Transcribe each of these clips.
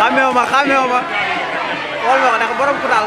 xàmmeewu ma xàmmeewu ma xool ma ko ndax borom ku daal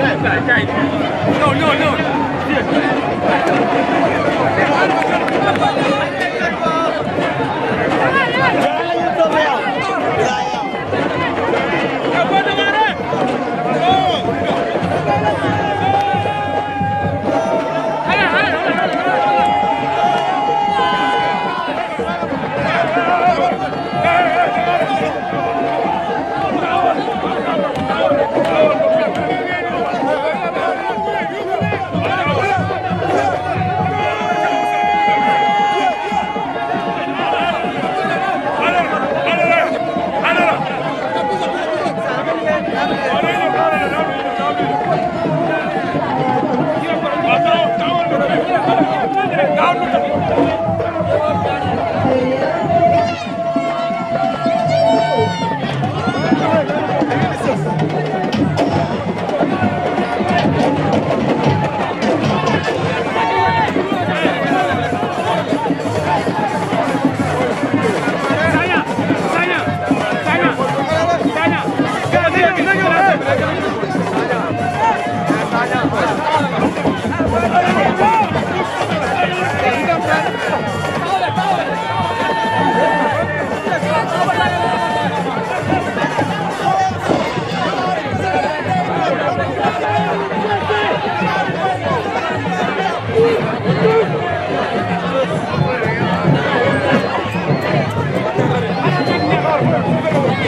No, no, no.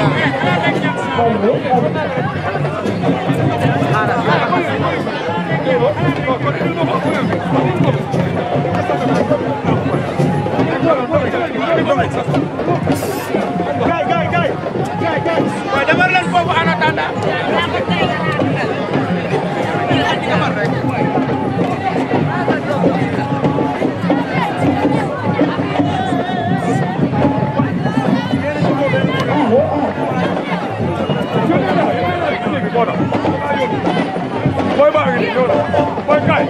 Guys, guys, guys. Guys, guys. Wait, never let go of Anatanda. booy baa ngi nii ñëw na booy kaay